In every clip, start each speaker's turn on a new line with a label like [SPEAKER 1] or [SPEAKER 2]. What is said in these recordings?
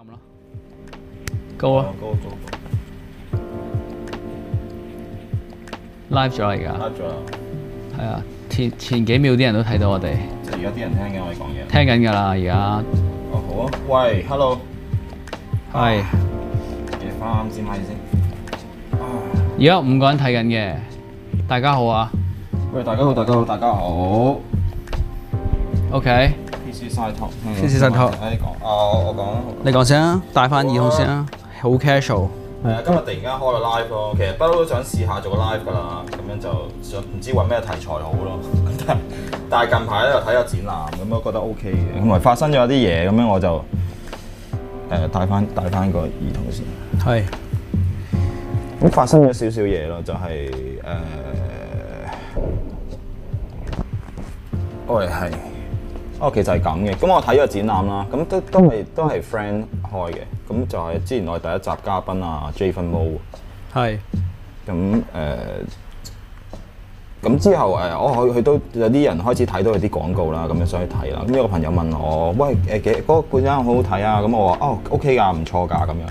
[SPEAKER 1] 咁咯，高啊，oh，高高，Live 咗而家，Live 咗，係啊，前前幾秒啲人都睇到我哋，即
[SPEAKER 2] 係而家啲人聽緊
[SPEAKER 1] 我哋講嘢，聽緊噶啦而家。哦
[SPEAKER 2] 好啊，喂，Hello，係，Hi，啊，三千米先，
[SPEAKER 1] 而家五個人睇緊嘅，大家好啊，喂，大家好，大
[SPEAKER 2] 家好，大家好
[SPEAKER 1] ，OK。晒台，黐線曬你講，啊我我你講先啊，帶翻耳筒先啊，Okay. 好 casual。係啊，今日
[SPEAKER 2] 突然間開個 live 咯，其實不嬲都想試下做個 live 噶啦，咁樣就想唔知揾咩題材好咯。但係近排咧又睇下展覽，咁覺得 OK 嘅，咁咪發生咗啲嘢，咁樣我就誒、呃、帶翻帶翻個耳筒先。係是。咁發生咗少少嘢咯，就係誒愛係。呃哎哦，其實係咁嘅，咁、嗯、我睇個展覽啦，咁、嗯、都都係都係 friend 開嘅，咁、嗯、就係、是、之前我哋第一集嘉賓啊，Javen Mo 是。係、嗯。咁、呃、誒，咁、嗯、之後誒，我佢佢都有啲人開始睇到佢啲廣告啦，咁、嗯、樣上去睇啦。咁、嗯、有個朋友問我，喂誒，嗰、呃那個配音好好睇啊，咁、嗯、我話哦，OK 㗎，唔錯㗎，咁樣。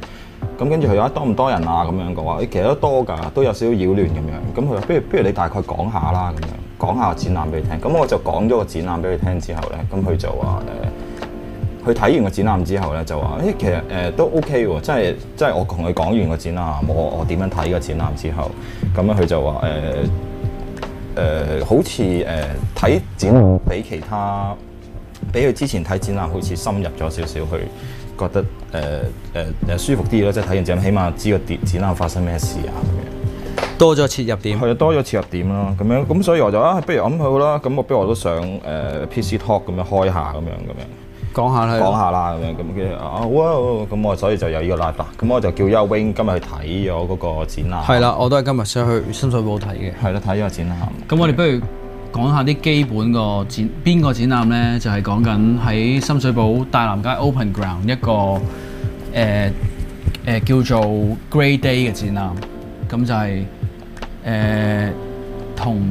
[SPEAKER 2] 咁跟住佢話多唔多人啊，咁樣嘅話，其實都多㗎，都有少少擾亂咁樣。咁佢話，不如不如你大概講下啦，咁樣。講下展覽俾佢聽，咁我就講咗個展覽俾佢聽之後咧，咁佢就話誒，佢、呃、睇完個展覽之後咧就話，誒、欸、其實誒、呃、都 OK 喎，即係即係我同佢講完個展覽，我我點樣睇個展覽之後，咁咧佢就話誒誒好似誒睇展覽比其他比佢之前睇展覽好似深入咗少少去，去覺得誒誒誒舒服啲咯，即係睇完展覽，起碼知個展展覽發生咩事啊咁樣。多咗切入點，佢啊， 多咗切入點咯，咁樣咁，所以我就啊，不如咁好啦，咁我不如我都想誒、呃、，PC Talk 咁樣開下咁樣咁樣，講下啦，講下啦，咁樣咁嘅啊，哇、啊、咁、啊、我所以就有呢個 live，咁我就叫邱 Wing 今日去睇咗嗰個展覽，係
[SPEAKER 1] 啦， 我都係今日想去深水埗睇嘅，係啦，睇 咗個展覽，咁我哋不如講下啲基本展個展，邊個展覽咧就係講緊喺深水埗大南街 Open Ground 一個誒誒、呃呃、叫做 Grey Day 嘅展覽，咁就係、是。誒，同、呃、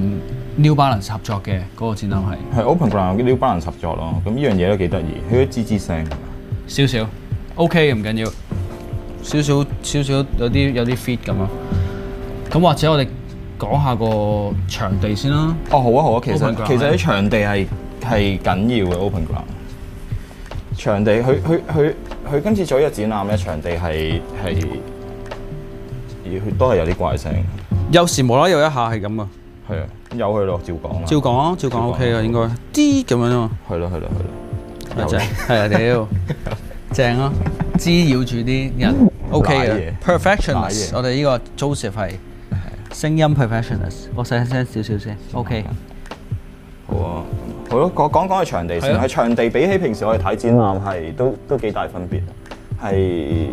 [SPEAKER 1] New Balance 合作嘅嗰、嗰個展覽係
[SPEAKER 2] 係 Open Ground New Balance 合作咯。咁呢樣嘢都幾得意，佢都吱吱聲少少
[SPEAKER 1] ，OK 唔緊要，少少少少有啲有啲 fit 咁咯。咁或
[SPEAKER 2] 者我哋講下個場地先啦。哦，好啊，好啊，其實 Open Ground, 其實喺場地係係緊要嘅。Open Ground 場地，佢佢佢佢今次做一個展覽咧，場地係係要都係有啲怪聲。
[SPEAKER 1] 有時無啦又一下係咁啊！係
[SPEAKER 2] 啊，有係咯，照講。照講，照講，OK
[SPEAKER 1] 啊，應該啲咁樣啊嘛。係啦，係啦，係啦，正係啊屌，正啊，滋擾住啲人 OK 啊，Perfectionist，我哋呢個 Joseph 係聲音 Perfectionist。我細聲少少先，OK。
[SPEAKER 2] 好啊，好咯，講講講個場地先，係場地比起平時我哋睇展覽係都都幾大分別。係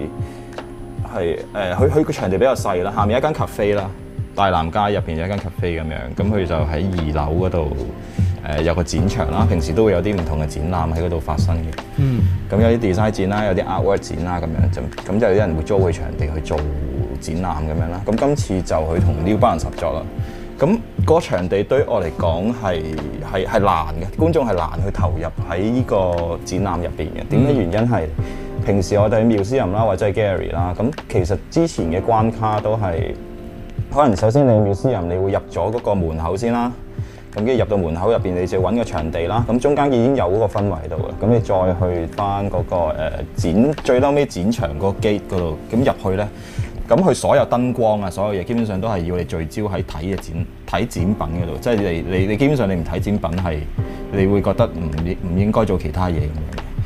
[SPEAKER 2] 係誒，佢佢個場地比較細啦，下面一間 cafe 啦。大南街入邊有一間 cafe 咁樣，咁佢就喺二樓嗰度，誒、呃、有個展場啦。平時都會有啲唔同嘅展覽喺嗰度發生嘅。嗯。咁有啲 design 展啦，有啲 artwork 展啦，咁樣就咁就有啲人會租佢場地去做展覽咁樣啦。咁今次就佢同 New Balance 合作啦。咁個場地對於我嚟講係係係難嘅，觀眾係難去投入喺呢個展覽入邊嘅。點解、嗯、原因係？平時我哋喺 museum 啦，或者係 Gary 啦，咁其實之前嘅關卡都係。可能首先你僆私人，你會入咗嗰個門口先啦，咁跟住入到門口入邊，你就要揾個場地啦。咁中間已經有嗰個氛圍度啦，咁你再去翻、那、嗰個誒、呃、展最嬲尾展場嗰個 gate 嗰度，咁入去咧，咁佢所有燈光啊，所有嘢基本上都係要你聚焦喺睇嘅展睇展品嗰度，即、就、係、是、你你你基本上你唔睇展品係你會覺得唔唔應該做其他嘢。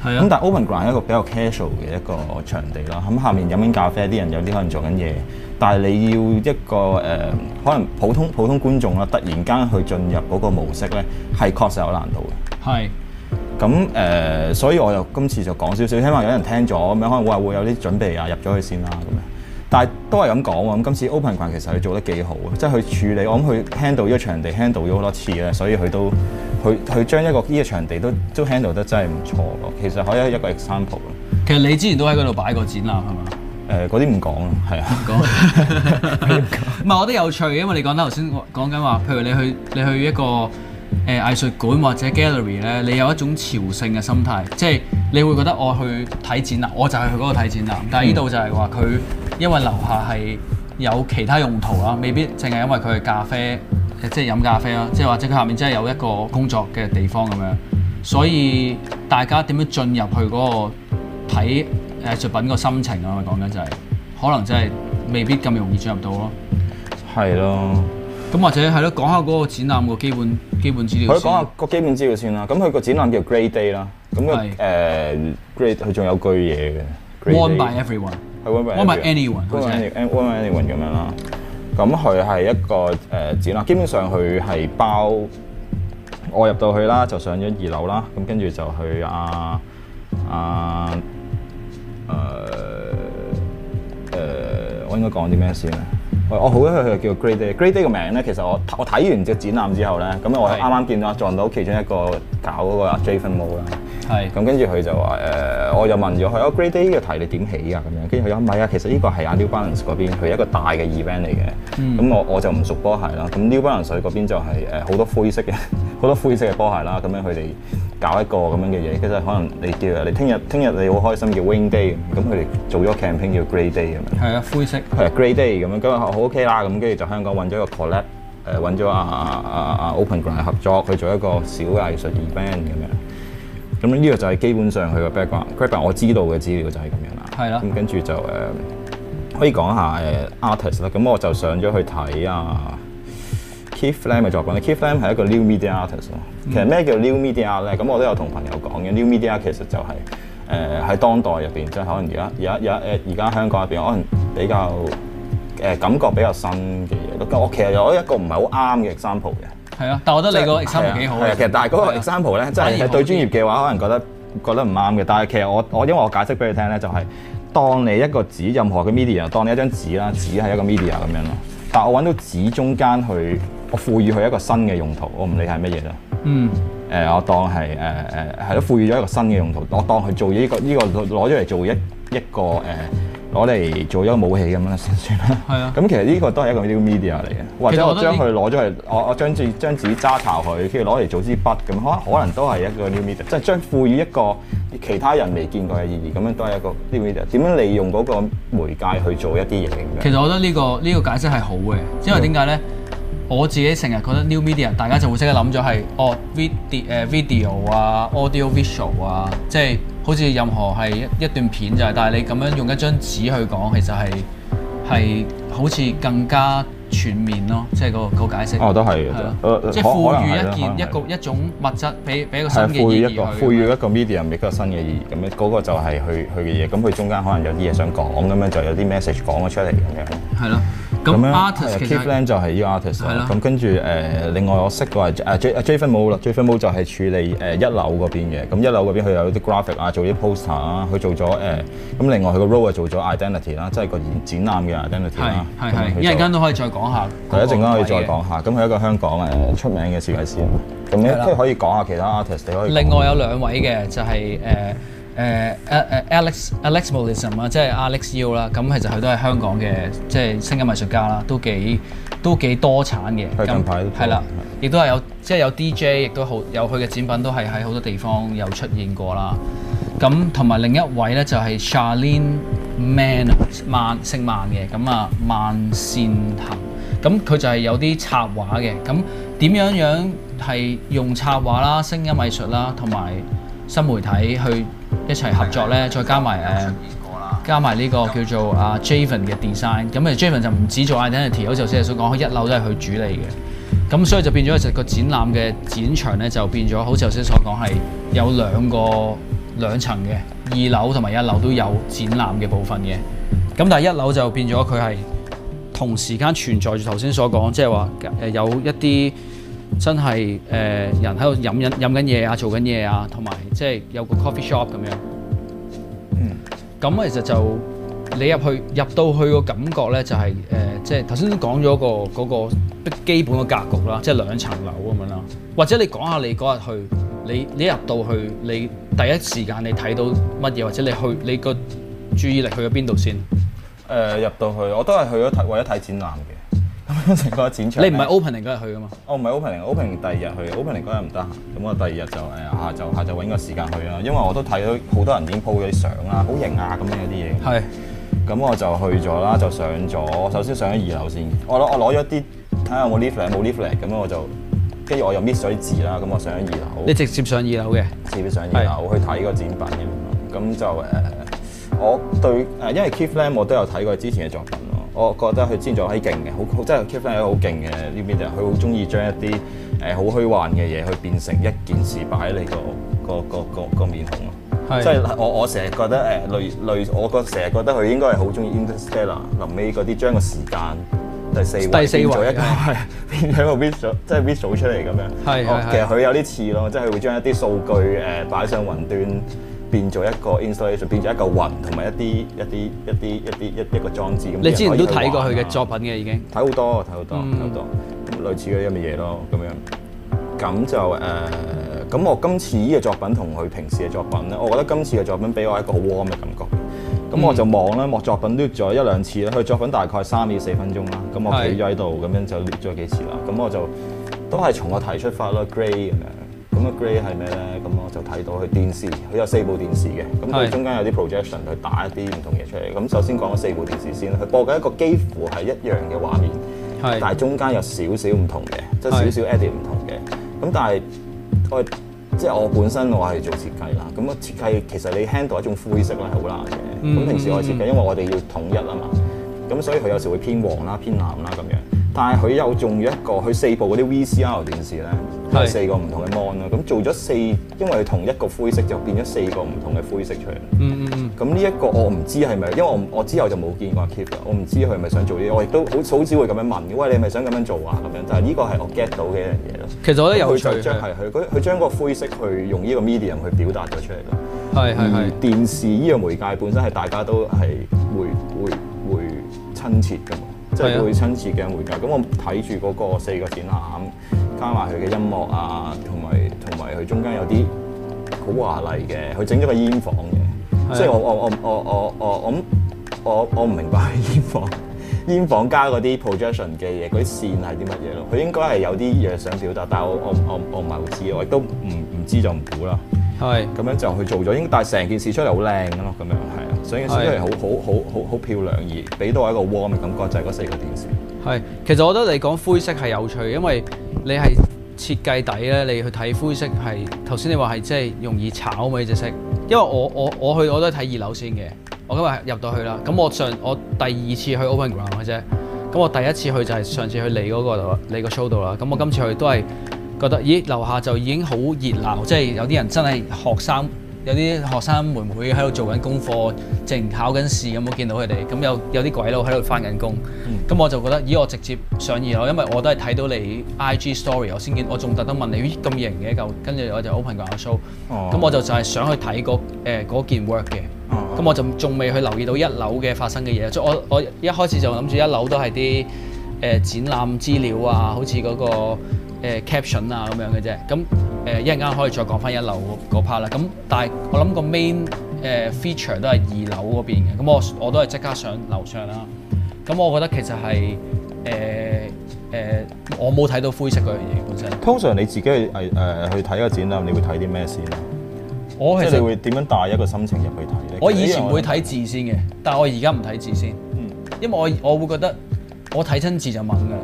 [SPEAKER 2] 係啊，咁、嗯、但係 openground 係一個比較 casual 嘅一個場地啦。咁、嗯、下面飲緊咖啡啲人，有啲可能做緊嘢，但係你要一個誒、呃，可能普通普通觀眾啦，突然間去進入嗰個模式咧，係確實有難度嘅。係，咁誒、嗯呃，所以我又今次就講少少，希望有人聽咗，咁、嗯、樣可能會會有啲準備啊，入咗去先啦，咁樣。但係都係咁講喎，咁今次 openground 其實佢做得幾好啊，即係佢處理，我諗佢 handle 咗場地 handle 咗好多次啦，所以佢都佢佢將一個呢個場地都都 handle 得真係唔錯咯，其實可以一個 example 咯。其實你之前都喺嗰度擺過展覽係嘛？誒，嗰啲唔講啦，係啊，唔講。唔係
[SPEAKER 1] 我覺得有趣，因為你講得頭先講緊話，譬如你去你去一個。誒、呃、藝術館或者 gallery 咧，你有一種朝聖嘅心態，即係你會覺得我去睇展覽啦，我就係去嗰度睇展覽啦。但係呢度就係話佢因為樓下係有其他用途啦，未必淨係因為佢嘅咖啡，即係飲咖啡啦，即係或者佢下面真係有一個工作嘅地方咁樣，所以大家點樣進入去嗰個睇藝術品個心情啊？我講緊就係、是、可能真係未必咁容易進入到咯。係咯。咁或者係咯，講下嗰個展覽個基本基本資料先。佢講
[SPEAKER 2] 下個基本資料先啦。咁佢個展覽叫 Grey Day 啦。咁嘅誒 Grey 佢仲有句嘢嘅。Worn by everyone，w、yeah, Worn by anyone，worn One everyone. by anyone 咁樣啦。咁佢係一個誒展覽，基本上佢係包我入到去啦，就上咗二樓啦。咁跟住就去啊啊誒誒、啊呃呃，我應該講啲咩先啊？我我好記得佢叫 Grey Day，Grey Day 個名咧，其實我我睇完隻展覽之後咧，咁我啱啱見到撞到其中一個搞嗰個 Jaden Mo 啦，係是，咁跟住佢就話誒、呃，我又問咗佢，我 Grey Day 嘅題你點起啊？咁樣，跟住佢話唔係啊，其實呢個係 New Balance 嗰邊，佢一個大嘅 event 嚟嘅，咁、嗯、我我就唔熟波鞋啦，咁 New Balance 佢嗰邊就係誒好多灰色嘅。好多灰色嘅波鞋啦，咁樣佢哋搞一個咁樣嘅嘢，其實可能你叫你聽日聽日你好開心叫 Wing Day，咁佢哋做咗 campaign 叫 Grey Day 咁樣。係啊的，灰色。係 Grey Day 咁樣，咁啊好 OK 啦，咁跟住就香港揾咗一個 collect 揾、呃、咗啊啊啊、uh, Open Ground 合作去做一個小嘅藝術 event 咁樣。咁呢個就係基本上佢個 background。background 我知道嘅資料就係咁樣啦。係啦的。咁跟住就誒、呃、可以講下誒 artist 啦，咁我就上咗去睇啊。Keith Lam 咪就係、是、講咧，Keith Lam 係一個 New Media Artist 其實咩叫 New Media 咧？咁我都有同朋友講嘅。New Media 其實就係誒喺當代入邊，即係可能而家而家而家而家香港入邊可能比較誒、呃、感覺比較新嘅嘢咯。我其實有一個唔係好啱嘅 example 嘅，係啊，但我覺得你個 example 幾、就是啊、好嘅、啊啊。其實但係嗰個 example 咧，即係、啊、對專業嘅話，可能覺得、啊、覺得唔啱嘅。但係其實我我因為我解釋俾你聽咧，就係、是、當你一個紙任何嘅 media，當你一張紙啦，紙係一個 media 咁樣咯。但係我揾到紙中間去。我賦予佢一個新嘅用途，我唔理係乜嘢啦。嗯。誒、呃，我當係誒誒係咯，賦、呃呃、予咗一個新嘅用途。我當佢做呢個呢個攞咗嚟做一個、這個、做一個誒，攞、呃、嚟做一個武器咁啦，先算啦。係是啊。咁其實呢個都係一個 new media 嚟嘅，或者我將佢攞咗嚟，我我將紙將紙揸巢佢，跟住攞嚟做支筆咁，可可能都係一個 new media，即係將賦予一個其他人未見過嘅意義，咁樣都係一個 new media。點樣利用嗰個媒介去做一啲嘢？其實我覺得呢、這
[SPEAKER 1] 個呢、這個解釋係好嘅，因為點解咧？我自己成日覺得 New Media，大家就會識得諗咗係，哦、oh, video 啊，audio visual 啊，即係好似任何係一一段片就係，但係你咁樣用一張紙去講，其實係係好似更加全面咯，即係個個解釋哦都係，即係賦予一件一個一種物質俾俾個新嘅意義，賦予一個賦予
[SPEAKER 2] 一個 media 唔係一個新嘅意義，咁樣個就係佢佢嘅嘢。咁佢中間可能有啲嘢想講，咁樣就有啲 message 講咗出嚟
[SPEAKER 1] 咁樣係咯，咁 artist 其實 Keith Lam
[SPEAKER 2] 就係 artist 咯。咁跟住誒另外我識嘅係誒 J J 分冇啦，J 分冇就係處理誒一樓嗰邊嘅，咁一樓嗰邊佢有啲 graphic 啊，做啲 poster 啊，佢做咗誒咁另外佢個 role 做咗 identity 啦，即係個展覽嘅 identity 啦。係係，一陣間都可以再講下，係一陣間可以再講下。咁佢一個香港嘅出名嘅設計師，咁即係可以講下其他 artist。可以另
[SPEAKER 1] 外有兩位嘅，就係誒誒 Alex Alex Morrison 啊，即係 Alex Yiu 啦。咁其實佢都係香港嘅，即係聲音藝術家啦，都幾都幾多產嘅。近排都係啦，亦都係有即係、就是、有 DJ，亦都好有佢嘅展品都係喺好多地方有出現過啦。咁同埋另一位咧就係 Charlene Man，萬姓萬嘅。咁啊，萬善行。咁佢就係有啲插畫嘅，咁點樣樣係用插畫啦、聲音藝術啦，同埋新媒體去一齊合作咧，嗯、再加埋誒，嗯、加埋呢、呢個、嗯、叫做阿 Javen 嘅 design。咁啊，Javen 就唔止做 identity，好似頭先所講，佢一樓都係佢主理嘅。咁所以就變咗就個展覽嘅展場咧，就變咗好似頭先所講係有兩個兩層嘅，二樓同埋一樓都有展覽嘅部分嘅。咁但係一樓就變咗佢係。同時間存在住頭先所講，即係話誒有一啲真係誒、呃、人喺度飲飲飲緊嘢啊，做緊嘢啊，同埋即係有個 coffee shop 咁樣。嗯，咁其實就你入去入到去個感覺咧、就係呃，就係誒即係頭先都講咗個嗰、嗰個基本嘅格局啦，即、就、係、是、兩層樓咁樣啦。或者你講下你嗰日去，你你入到去，你第一時間你睇到乜嘢，或者你去你個注
[SPEAKER 2] 意力去咗邊度先？誒入到去，我都係去咗睇，為咗睇展覽嘅。咁成個展場。你唔係 opening 嗰日去噶嘛？我唔係 opening，opening 第二日去，opening 嗰日唔得閒。咁我第二日就誒下晝下晝揾個時間去啦，因為我都睇到好多人已經 po 咗啲相啊，好型啊咁樣啲嘢。係是。咁我就去咗啦，就上咗，我首先上咗二樓先。我攞我攞咗啲睇下有冇 leaflet 冇 leaflet 咁我就，跟住我又搣水紙啦，咁我上咗二樓。你直接上二樓嘅？直接上二樓是去睇個展品。咁就誒。呃我對誒，因為 Keith 咧，我都有睇過之前嘅作品咯。我覺得佢之前作品勁嘅，好即係 Keith 咧好勁嘅呢邊就係佢好中意將一啲誒好虛幻嘅嘢去變成一件事擺喺你個個個個個面孔咯。係是的，即係我我成日覺得誒類、呃、類，我個成日覺得佢應該係好中意 Interstellar 臨尾嗰啲將個時間第四第四位變一個係、嗯、變咗一個 visual 即係 visual 出嚟咁樣。係的其實佢有啲似咯，即係佢會將一啲數據誒擺上雲端。變咗一個 installation，變咗一嚿雲同埋一啲一啲一啲一啲一一個裝置咁。你之前都睇過佢嘅作品嘅已經。睇好多，睇好多，睇好、嗯、多，類似嗰啲咁嘅嘢咯，咁樣。咁就誒，咁、呃、我今次依個作品同佢平時嘅作品咧，我覺得今次嘅作品俾我一個好 warm 嘅感覺。咁我就望啦，望、嗯、作品 l 咗一兩次啦。佢作品大概三至四分鐘啦。咁我企咗喺度，咁是樣就 l 咗幾次啦。咁我就都係從個題出發啦，grey 咁樣。咁嘅 grey 係咩咧？咁我就睇到佢電視，佢有四部電視嘅。咁佢中間有啲 projection，佢打一啲唔同嘢出嚟。咁首先講咗四部電視先，佢播緊一個幾乎係一樣嘅畫面，是但係中間有少少唔同嘅，即係少少 edit 唔同嘅。咁但係我即係我本身我係做設計啦。咁啊設計其實你 handle 一種灰色咧係好難嘅。咁平時我設計，因為我哋要統一啊嘛。咁所以佢有時會偏黃啦、偏藍啦咁樣。但係佢又用一個佢四部嗰啲 VCR 電視咧，係是四個唔同嘅 mon 啦。咁做咗四，因為同一個灰色就變咗四個唔同嘅灰色出嚟。咁呢一個我唔知係咪，因為我，我之後就冇見過阿 Keep 㗎。我唔知佢係咪想做啲，我亦都好少會咁樣問。喂，你係咪想咁樣做啊？咁樣，但係呢個係我 get 到嘅一樣嘢咯。其實我覺得有趣著著。佢佢將個灰色去用呢個 medium 去表達咗出嚟咯。係係係。而電視呢個媒介本身係大家都係會會會，會，會親切㗎嘛。即係會親切嘅回答。咁我睇住嗰個四個展覽，加埋佢嘅音樂啊，同埋同埋佢中間有啲好華麗嘅，佢整咗個煙房嘅，即係 我我我我我我我我唔明白煙房，煙房加嗰啲 projection 嘅嘢，嗰啲線係啲乜嘢咯？佢應該係有啲嘢想表達，但係我我我我唔係好知，我亦都唔唔知就唔估啦。係，咁是樣就去做咗，應該但係成件事出嚟好靚㗎咯，咁樣係啊，所以係是好好好好好漂亮而俾到我一個 warm 嘅感覺，就係、是、嗰四個電視。
[SPEAKER 1] 係，其實我覺得你講灰色係有趣，因為你係設計底咧，你去睇灰色係頭先你話係即係容易炒咪隻色。因為我我我去我都係睇二樓先嘅，我今日入到去啦。咁我上我第二次去 openground 嘅啫，咁我第一次去就係上次去你嗰、那個你個 show 度啦。咁我今次去都係。覺得咦樓下就已經好熱鬧，即係有啲人真係學生，有啲學生妹妹喺度做緊功課，正考緊試咁，冇見到佢哋，咁有有啲鬼佬喺度翻緊工，咁、嗯、我就覺得咦我直接上二樓，因為我都係睇到你 IG Story，我先見，我仲特登問你咦咁型嘅一嚿，跟住我就 open 個 show，咁、哦、我就就係想去睇嗰、呃、件 work 嘅，咁、嗯嗯、我就仲未去留意到一樓嘅發生嘅嘢，即我我一開始就諗住一樓都係啲誒展覽資料啊，好似嗰、嗰個。誒、uh, caption 啊咁樣嘅啫，咁誒一陣間可以再講翻一樓嗰 part 啦。咁、那個、但係我諗個 main 誒 feature 都係二樓嗰邊嘅。咁我我都係即刻上樓上啦。咁我覺得其實係誒誒我冇睇到灰色嗰樣嘢
[SPEAKER 2] 本身。通常你自己、呃、去誒誒去睇個展啦，你會睇啲咩先？啊？我其實即係你會點樣帶一個心情入去睇咧？我以前會睇字先嘅，
[SPEAKER 1] 但係我而家唔睇字先，嗯，因為我我會覺得我睇親字就敏㗎啦。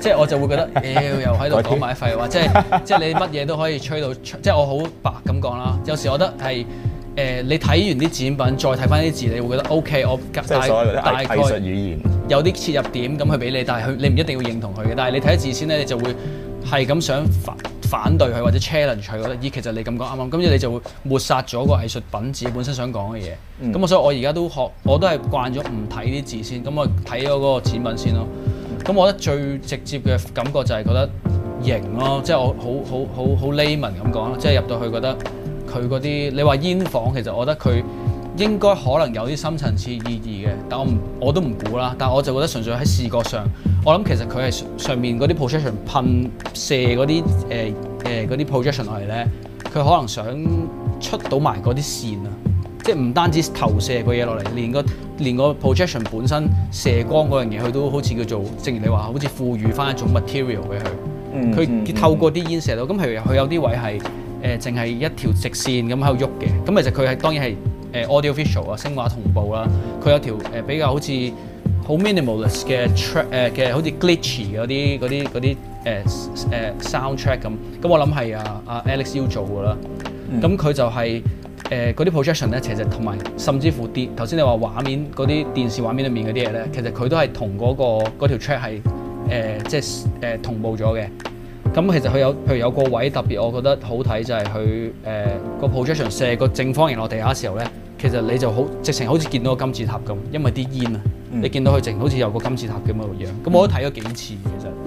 [SPEAKER 1] 即係我就會覺得，妖、欸、又喺度講埋廢話， 即係即係你乜嘢都可以吹到吹，即係我好白咁講啦。有時我覺得係誒、呃，你睇完啲展品，再睇翻啲字，你會覺得 OK，我大大概有啲切入點咁去俾你，但係佢你唔一定要認同佢嘅。但係你睇啲字先咧，你就會係咁想反反對佢或者 challenge 佢。覺得咦，其實你咁講啱啱，跟住你就會抹殺咗個藝術品自己本身想講嘅嘢。咁、嗯、所以我而家都學，我都係慣咗唔睇啲字先，咁我睇咗嗰個展品先咯。咁我覺得最直接嘅感覺就係覺得型咯，即係我好好好好 layman 咁講，即係入到去覺得佢嗰啲，你話煙房其實我覺得佢應該可能有啲深層次意義嘅，但我我都唔估啦。但我就覺得純粹喺視覺上，我諗其實佢係上面嗰啲 projection 噴射嗰啲誒誒嗰啲 projection 落嚟咧，佢、呃呃、可能想出到埋嗰啲線啊，即係唔單止投射個嘢落嚟，連個連個 projection 本身射光嗰樣嘢，佢都好似叫做，正如你話，好似賦予翻一種 material 俾佢。佢、嗯嗯、透過啲煙射到，咁譬如佢有啲位係誒，淨、呃、係一條直線咁喺度喐嘅。咁其實佢係當然係誒 audiovisual 啊，聲、呃、畫同步啦。佢有條誒、呃、比較好似好 minimalist 嘅 track 誒、呃、嘅，好似 glitchy 嗰啲嗰啲啲誒誒 soundtrack 咁。咁我諗係啊啊 Alex 要做㗎啦。咁佢就係、是。嗯嗯誒嗰啲 projection 咧，其實同埋甚至乎啲頭先你話畫面嗰啲電視畫面裏面嗰啲嘢咧，其實佢都係同嗰、嗰個嗰條 track 係誒、呃、即係誒、呃、同步咗嘅。咁、嗯、其實佢有譬如有個位特別，我覺得好睇就係佢誒個 projection 射個正方形落地下時候咧，其實你就直好直情好似見到，金見到個金字塔咁，因為啲煙啊，你見到佢直情好似有個金字塔咁個樣。咁、嗯、我都睇咗幾次其實。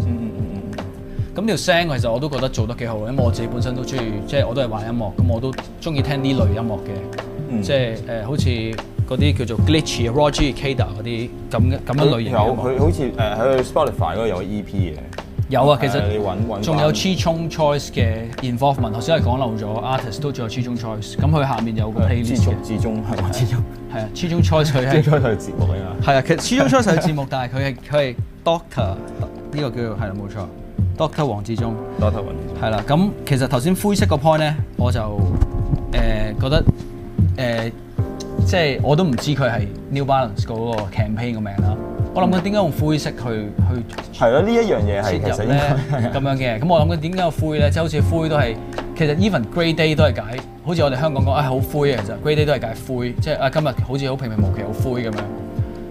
[SPEAKER 1] 咁條聲其實我都覺得做得幾好，因為我自己本身都中意，即係我都係玩音樂，咁我都中意聽啲類音樂嘅，即係誒好似嗰啲叫做 glitch 嘅 Roger Kader 嗰啲咁咁一類型嘅音
[SPEAKER 2] 樂，有佢好似誒喺 Spotify 嗰度有 E.P. 嘅。有啊，其實。誒，你揾揾。仲有
[SPEAKER 1] Chief Choice 嘅 Involvement，頭先係講漏咗 artist 都仲有 Chief Choice。咁佢下面有個 playlist。始終係咪？始終。係啊 Chief Choice 佢係。Chief Choice 係個節目啊，係啊，其實 Chief Choice 係個節目，但係佢係佢係 Doctor 呢個叫做係啊，冇錯。Doctor 王志忠，Doctor 王志忠，係啦，咁其實頭先灰色個 point 咧，我就誒、呃、覺得誒、呃，即係我都唔知佢係 New Balance 個嗰個 campaign 個名啦。我諗佢點解用灰色去去？
[SPEAKER 2] 係咯，呢一樣嘢係其實咧
[SPEAKER 1] 咁樣嘅。咁 我諗佢點解有灰咧？即係好似灰都係，其實 even Grey Day 都係解。好似我哋香港講啊，好、哎、灰啊，其實 Grey Day 都係解灰，即係啊，今日好似好平平無奇，好灰咁樣。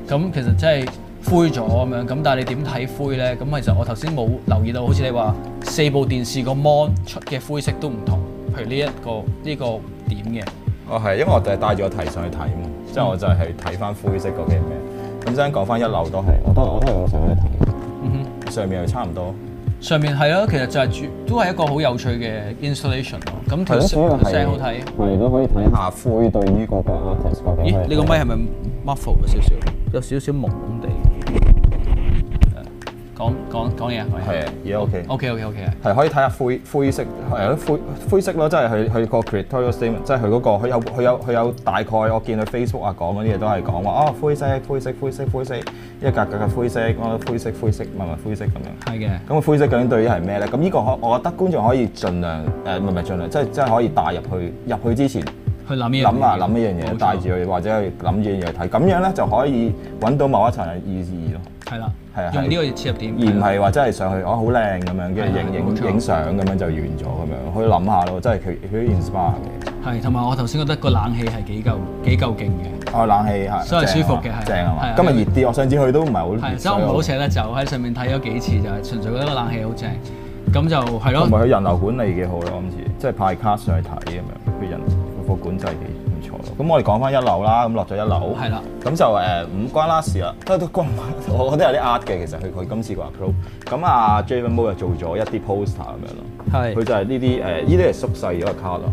[SPEAKER 1] 咁其實真、就、係、是。灰咗咁樣咁，但係你點睇灰咧？咁其實我頭先冇留意到，好似你話四部電視個 mon 出嘅灰色都唔同，譬如呢、這、一個
[SPEAKER 2] 呢、這個點嘅。哦，係因為我就係帶咗個題上去睇嘛，即係我就係睇翻灰色嗰啲咩。咁先講翻一樓都係，我都我都有上咗一睇。嗯哼，上面又差唔多。
[SPEAKER 1] 上面係咯，其實就係、是、主都係一個好有趣嘅 installation。咁條線好聽好睇，係
[SPEAKER 2] 都可以睇下灰對呢個個 artist 嘅。咦？呢個咪係
[SPEAKER 1] 咪 muffle 咗少少？有少少朦。
[SPEAKER 2] 講講講嘢啊！係嘢 OK，OK OK OK，係可以睇下灰灰色係灰灰色咯，即係佢佢個 creative statement，即係佢嗰個佢有佢有佢有大概。我見佢 Facebook 啊講嗰啲嘢都係講話哦灰色灰色灰色灰色，一格格嘅灰色，灰色灰色，唔係灰色咁樣。係嘅。咁個灰色究竟對於係咩咧？咁呢個可我覺得觀眾可以儘量誒唔係唔係儘量，即係即係可以帶入去入去之前去諗一諗啊諗一樣嘢，帶住去或者去諗一樣嘢睇，咁樣咧就可以揾到某一層嘅意義咯。係啦，係啊，用呢
[SPEAKER 1] 個切入點，而唔係
[SPEAKER 2] 話真係上去，啊好靚咁樣，跟住影影影相咁樣就完咗咁樣，去諗下咯，真係佢佢 inspire 嘅。
[SPEAKER 1] 係，同埋我頭先覺得個冷氣係幾夠幾夠勁
[SPEAKER 2] 嘅。哦，冷氣係，所以舒服嘅係，正係嘛？今日熱啲，我上次去都唔係好熱。所以唔好捨
[SPEAKER 1] 得走，喺上面睇咗幾次就係，純粹覺得個冷氣好正，
[SPEAKER 2] 咁就係咯。同埋佢人流管理幾好咯，今次，即係派卡上去睇咁樣，佢人個管就係。咁我哋講翻一樓啦，咁落咗一樓，係啦，咁就誒唔關 last 啦，都都關，我覺得有啲壓嘅其實佢佢今次嘅話 pro，咁啊 Javin Mo 又做咗一啲 poster 咁樣咯，係，佢就係呢啲誒，呢啲係縮細咗個卡 a 咯，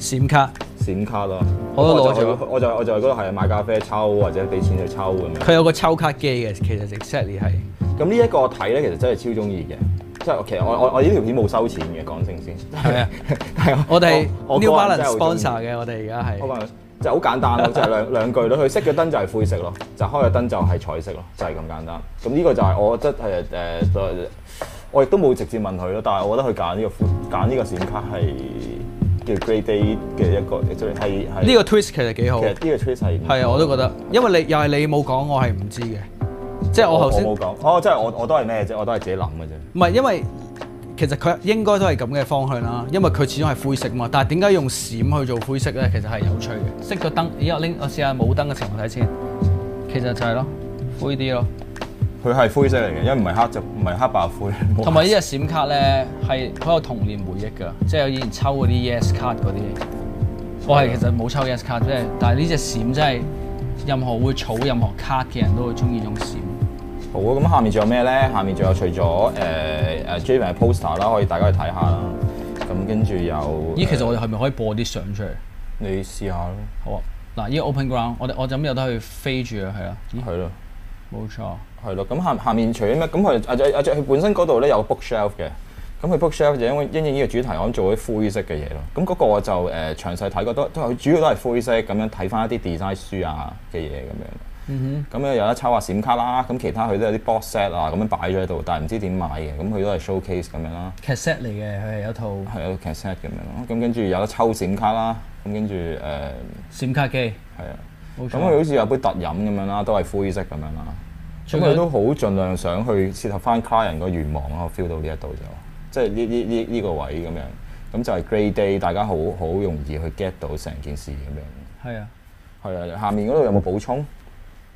[SPEAKER 2] 閃卡，閃卡咯，我就我就我就嗰度係買咖啡抽或者俾錢去抽咁樣，佢
[SPEAKER 1] 有個抽卡機嘅，其實 exactly 係，
[SPEAKER 2] 咁呢一個睇咧其實真係超中意嘅，即係其實我我我呢條片冇收錢嘅講聲先，係啊，係啊，我哋 New Balance sponsor 嘅我哋而家係。 就好簡單咯，就係兩兩句咯。佢熄嘅燈就係灰色咯，就開嘅燈就係彩色咯，就係咁簡單。咁呢個就係我覺得係誒、呃，我亦都冇直接問佢咯。但係我覺得佢揀呢個揀呢個閃卡係叫 Grey Day 嘅一個嘅，係呢個 Twist
[SPEAKER 1] 其實幾好，嘅。呢
[SPEAKER 2] 個 Twist 係，係啊，我都覺得，因為你又係
[SPEAKER 1] 你冇講，我係唔知嘅，即係我頭先冇講，
[SPEAKER 2] 哦，即係我我都係咩啫，我都係自己諗嘅啫，
[SPEAKER 1] 唔係因為。其實佢應該都係咁嘅方向啦，因為佢始終係灰色嘛。但係點解用
[SPEAKER 2] 閃去做灰
[SPEAKER 1] 色咧？其實係有趣嘅。熄咗燈，咦？我拎我試下冇燈嘅情況睇先。
[SPEAKER 2] 其實就係咯，灰啲咯。佢係灰色嚟嘅，因為唔係黑就唔係黑白灰。同埋呢隻
[SPEAKER 1] 閃卡咧係好有童年回憶㗎，即係我以前抽嗰啲 yes card 嗰啲。我係的、哦、其實冇抽 yes card 啫，但係呢隻閃真係任何會儲任何卡嘅人都會中意用閃。
[SPEAKER 2] 好啊，咁下面仲有咩咧？下面仲有除咗誒誒 Jame 嘅 poster 啦，呃啊、poster，可以大家去睇下啦。咁跟住有咦，呃、其實我哋係
[SPEAKER 1] 咪可以播啲相出嚟？
[SPEAKER 2] 你試下咯。
[SPEAKER 1] 好啊，嗱、啊，依、這個 open ground，我哋我就咁有得去飛住啊，係啊了，咁係咯，冇錯，
[SPEAKER 2] 係咯，咁下下面除咗咩？咁佢阿阿佢本身嗰度咧有 bookshelf 嘅，咁佢 bookshelf 就因為因應呢個主題，我諗做啲灰色嘅嘢咯。咁個個就誒詳細睇過，都都係主要都係灰色咁樣睇翻一啲 design 書啊嘅嘢咁樣。嗯哼，咁樣有得抽下閃卡啦，咁其他佢都有啲 box set 啊，咁樣擺咗喺度，但係唔知點買嘅，咁佢都係 showcase 咁樣啦。cassette 嚟嘅，佢係有套係有個 cassette 咁樣咯。咁跟住有得抽閃卡啦，咁跟住誒閃卡機係啊，冇
[SPEAKER 1] 的錯。咁佢好似有
[SPEAKER 2] 杯特飲咁樣啦，都係灰色咁樣啦。咁佢了都好盡量想去切合翻客人個願望咯，feel 到呢一度就即係呢呢呢呢個位咁樣，咁就係、是、Grey Day，大家好好容易去 get 到成件事咁樣。
[SPEAKER 1] 係啊的，
[SPEAKER 2] 係啊的，下面嗰度有冇補充？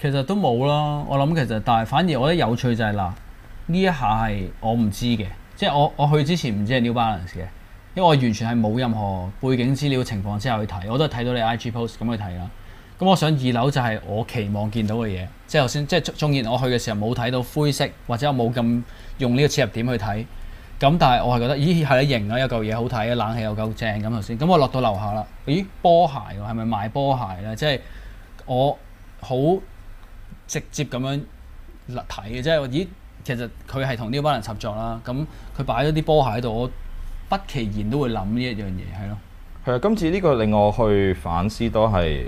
[SPEAKER 1] 其實都冇啦，我諗其實，但係反而我覺得有趣就係啦，呢一下係我唔知嘅，即係我我去之前唔知係 New Balance 嘅，因為我完全係冇任何背景資料情況之下去睇，我都係睇到你 IG post 咁去睇啦。咁、嗯、我想二樓就係我期望見到嘅嘢，即係頭先即係中意。我去嘅時候冇睇到灰色或者我冇咁用呢個切入點去睇，咁但係我係覺得咦係啊型啊，有嚿嘢好睇啊，冷氣又夠正咁頭先。咁、嗯、我落到樓下啦，咦波鞋喎，係咪賣波鞋咧？即係我好。直接咁樣睇嘅，即係咦，其實佢係同呢班人合作啦。咁佢擺咗啲波鞋喺度，我不其然都會諗呢一樣嘢，係咯。
[SPEAKER 2] 係啊，今次呢個令我去反思都係，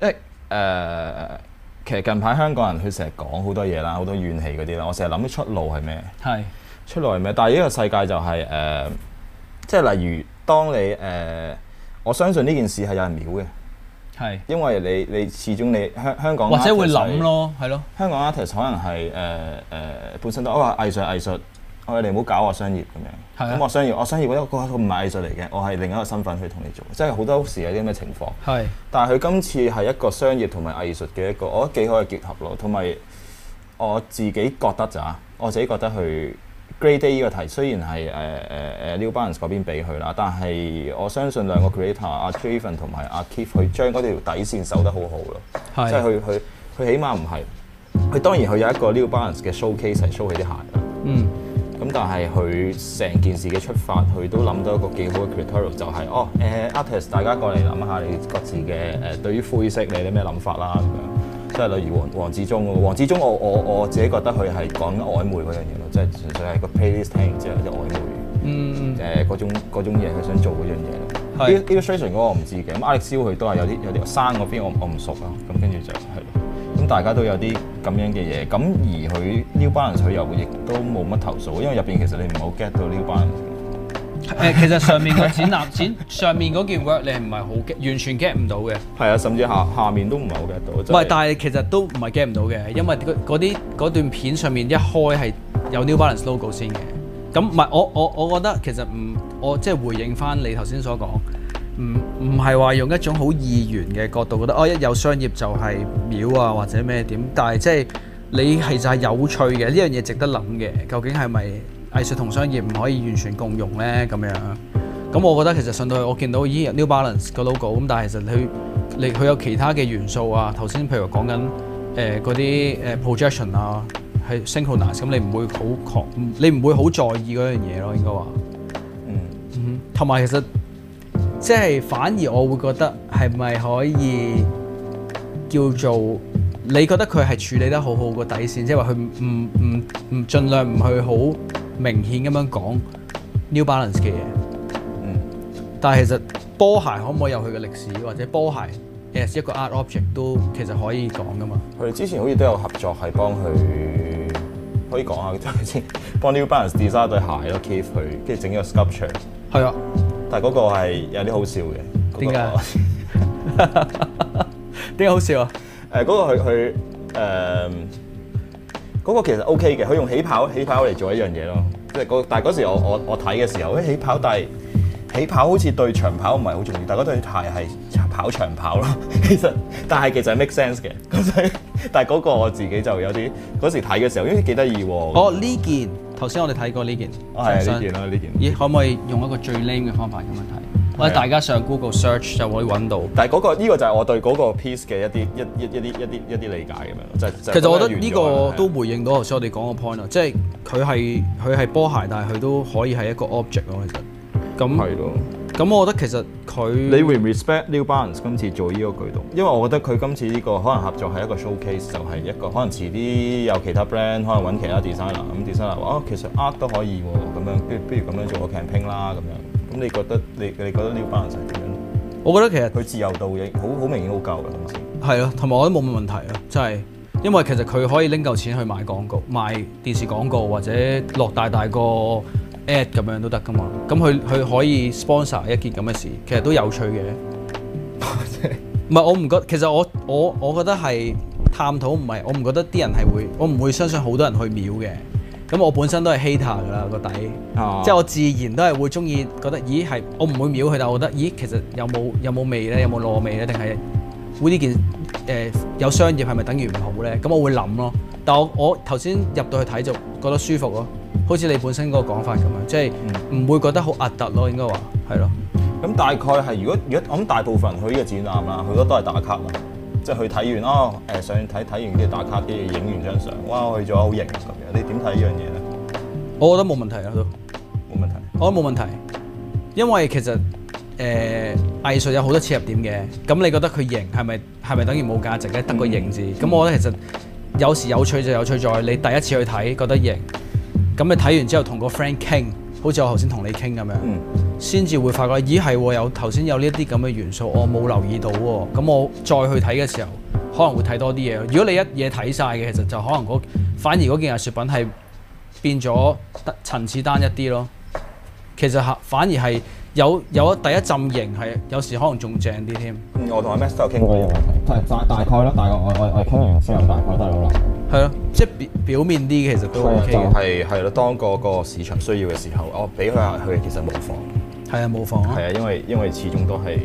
[SPEAKER 2] 即係、呃、其實近排香港人佢成日講好多嘢啦，好多怨氣嗰啲啦，我成日諗啲出路係咩？係，出路係咩？但係呢個世界就係、係、誒、呃，即係例如當你誒、呃，我相信呢件事係有人秒嘅。係，是因為你你始終你香香港或者會諗咯，係咯。香港 artist 可能係誒誒本身都我話藝術藝術，我哋唔好搞我商業咁樣。咁、啊、我商業我商業覺得嗰個唔係藝術嚟嘅，我係另一個身份去同你做。即係好多時有啲咩情況。係是，但係佢今次係一個商業同埋藝術嘅一個，我覺得幾好嘅結合咯。同埋我自己覺得咋，我自己覺得佢。Grey Day 依個題雖然係誒誒誒 New Balance 嗰邊俾佢啦，但係我相信兩個 Creator 阿 Traven 同埋阿 Keef 佢將嗰條底線守得好好咯，即係佢佢佢起碼唔係佢當然佢有一個 New Balance 嘅 Showcase 係 show 佢啲鞋，嗯，咁但係佢成件事嘅出發佢都諗到一個幾好嘅 Criteria 就係、是、哦誒、uh, Artist 大家過嚟諗下你各自嘅誒、uh, 對於灰色你有啲咩諗法啦。即係例如黃黃志忠喎，黃志忠我我我自己覺得佢係講曖昧嗰樣嘢咯，即、就、係、是、純粹係個 playlist 聽完之後啲、就是、曖昧，誒嗰、嗯呃、種嗰種嘢佢想做嗰樣嘢咯。是 illustration 嗰個我唔知嘅，咁阿力超佢都係有啲有啲生嗰邊我我唔熟啊，咁跟住就係、是、咯，咁大家都有啲咁樣嘅嘢，咁而佢 New Balance 佢又亦都冇乜投訴，因為入邊其實你唔好 get 到 New Balance。誒， 其實上面個展
[SPEAKER 1] 覽展，上面嗰件 work，你係唔係好完全 get 唔到嘅？
[SPEAKER 2] 係啊，甚至下下面都唔係好 get 到。唔係、嗯，但係其
[SPEAKER 1] 實都唔係 get 唔到嘅，因為嗰啲段片上面一開係有 New Balance logo 先嘅。咁唔係，我我我覺得其實唔，我即係回應翻你頭先所講，唔唔係話用一種好二元嘅角度覺得，哦一有商業就係秒啊或者咩點，但係即係你係就係有趣嘅呢樣嘢值得諗嘅，究竟係咪？藝術同商業唔可以完全共用咧，咁樣。咁我覺得其實上到去我見到咦 New Balance 個 logo，咁但係其實佢你佢有其他嘅元素啊。頭先譬如話講緊嗰、呃、啲誒 projection 啊，係 synchronous，咁你唔會好狂，你唔會好在意嗰樣嘢咯，應該話。嗯。同埋、嗯、其實即係、就是、反而我會覺得係咪可以叫做你覺得佢係處理得好好個底線，即係話佢唔唔唔盡量唔去好。明顯咁樣講 New Balance 嘅嘢，嗯，但係其實波鞋可唔可以有佢嘅歷史，或者波鞋係一個 art object 都其實可以講噶嘛。
[SPEAKER 2] 佢之前好似都有合作係幫佢，可以講下即係幫 New Balance design 對鞋咯，Keith 去跟住整一個 sculpture。係啊，但係嗰個係有啲好笑嘅。點解何？點解 好笑啊？誒、呃，嗰、嗰個佢佢誒嗰個其實 OK 嘅，佢用起跑起跑嚟做一樣嘢咯。即係但係嗰時我我我睇嘅時候，誒起跑，但係起跑好似對長跑唔係好重要，但係對鞋係跑長跑咯。其實，但係其實 make sense 嘅。但係嗰個我自己就有啲嗰時睇嘅時候，咦幾得意喎！哦，呢件頭先我哋
[SPEAKER 1] 睇過呢件，係呢件啦，呢件。咦？啊啊、可唔可以用一個最 name 嘅方法咁樣睇？大
[SPEAKER 2] 家上 Google Search 就可以揾到但、那個，但係個呢個就係我對嗰個 piece 嘅一啲一一一啲一啲一啲理解咁樣，即、就、係、是、其實我覺得呢個、就是、都
[SPEAKER 1] 回應到頭先我哋講個 point 啦，即係佢係佢係
[SPEAKER 2] 波鞋，但係佢都可以係一個 object 咯，其實咁係咯。咁是的 我覺得其實佢你會 respect New Balance 今次做呢個舉動，因為我覺得佢今次呢、這個可能合作係一個 showcase，就係一個可能遲啲有其他 brand 可能揾其他 designer，咁 designer 話哦其實 R 都可以喎，咁樣不如不如咁樣做個 campaign 啦咁樣。咁你覺得你你覺得呢班人係點樣？我覺得其實佢自由度嘅好好明顯好夠嘅同時。
[SPEAKER 1] 係啊，同埋我覺得冇乜問題啊。就係因為其實佢可以拎夠錢去買廣告、買電視廣告或者落大大個 ad 咁樣都得噶嘛。咁佢佢可以 sponsor 一件咁嘅事，其實都有趣嘅。唔 係，我唔覺，其實我我我覺得係探討，唔係我唔覺得啲人係會，我唔會相信好多人去秒嘅。咁我本身都係 hater 㗎啦個底，啊、即係我自然都係會中意覺得，咦係我唔會瞄佢，但我覺得，咦其實有冇有冇味咧？有冇糯味咧？定係會呢件誒、呃、有商業係咪等於唔好咧？咁我會諗咯。但我我頭先入到去睇就覺得舒服咯，好似你本身嗰個講法咁樣，即係唔會
[SPEAKER 2] 覺得好核突咯。嗯、應該話係咯。咁大概係如果如果我諗大部分人去呢個展覽啦，佢都都係打卡啊。即係去睇完咯，誒、哦、上去睇睇完跟住打卡，跟住影完張相，哇去咗好型咁樣，你點睇呢樣嘢咧？我覺得冇問題啊都，冇問題，問題我覺得冇問題，因為其實誒、呃、
[SPEAKER 1] 藝術有好多切入點嘅，咁你覺得佢型係咪係咪等於冇價值咧？得個型字，咁、嗯、我覺得其實有時有趣就有趣在你第一次去睇覺得型，咁你睇完之後同個 friend 傾，好似我頭先同你傾咁樣。嗯先至會發覺，咦係喎，有頭先有呢一啲咁嘅元素，我冇留意到喎。咁我再去睇嘅時候，可能會睇多啲嘢。如果你一嘢睇晒嘅，其實就可能嗰反而嗰件藝術品係變咗單層次單一啲咯。其實反而係有有第一陣型係，有時可能仲正啲添。
[SPEAKER 2] 我同阿 master 有傾過呢個問題，係 大概咯，大概我我我哋傾完之後大概都有啦。係咯、 啊，即係表面啲嘅其實都 OK 嘅。係係咯，當個個市場需要嘅時候，我俾佢佢其實冇貨。係啊，冇妨啊！係啊，因為因為始終都係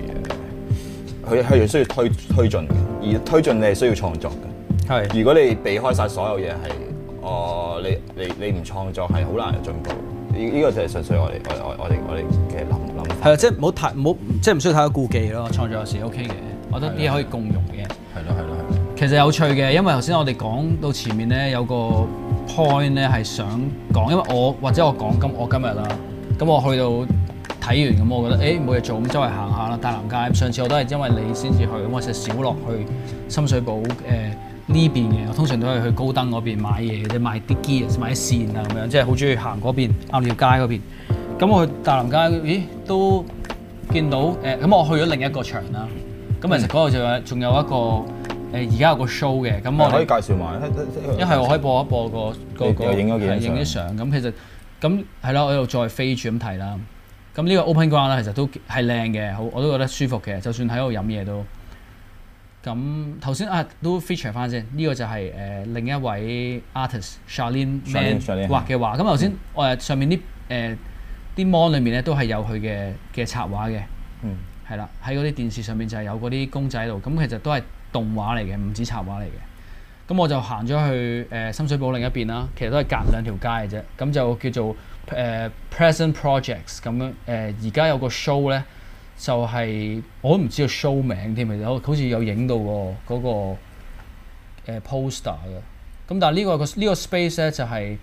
[SPEAKER 2] 佢佢要需要推推進嘅，而推進你係需要創作嘅。係、啊，如果你避開晒所有嘢係，哦、呃，你你你唔創作係好難有進步。呢、這、依個就係純粹我哋我我我哋我哋嘅諗諗。
[SPEAKER 1] 係啊，即係唔好太唔好即係唔需要太多顧忌咯。創作有時 OK 嘅，我覺得啲嘢可以共融
[SPEAKER 2] 嘅。係咯係咯係咯。啊
[SPEAKER 1] 啊啊啊、其實有趣嘅，因為頭先我哋講到前面咧，有個 point 咧係想講，因為我或者我講今我今日啦，咁我，我，我去到，到。睇完咁，我覺得誒冇嘢做咁，周圍行下啦。大南街上次我都係因為你先至去，咁我成日少落去深水埗誒呢邊嘅。我通常都係去高登嗰邊買嘢，即係買啲 gear 啊，買啲線啊咁樣，即係好中意行嗰邊鴨寮街嗰邊。咁我去大南街，咦都見到誒。咁、呃、我去咗另一個場啦。咁其實嗰度仲有仲有一個誒，而、呃、家有個 show 嘅。咁我、啊、可以介紹
[SPEAKER 2] 埋。一係我可以
[SPEAKER 1] 播一播，一播、嗰個個影啲相。咁其實咁係啦，我喺度再飛住咁睇啦。咁呢個 openground 咧，其實都係靚嘅，好我都覺得舒服嘅。就算喺度飲嘢都。咁頭先啊，都 feature 翻先。呢、這個就係、是、誒、呃、另一位 artist Charlene Man 畫嘅畫。咁頭先我上面啲誒啲 mon 裏面咧都係有佢嘅嘅插畫嘅。嗯。係啦，喺嗰啲電視上面就係有嗰啲公仔度。咁其實都係動畫嚟嘅，唔止插畫嚟嘅。咁我就行咗去誒、呃、深水埗另一邊啦。其實都係隔兩條街嘅啫。咁就叫做。誒、呃、Present Projects 咁樣誒，而、呃、家有個 show 咧，就係、是、我都唔知個 show 名添，好有好似有影到嗰、那個誒 poster 嘅。咁、呃、但係、這、呢個個呢、這個 space 咧就係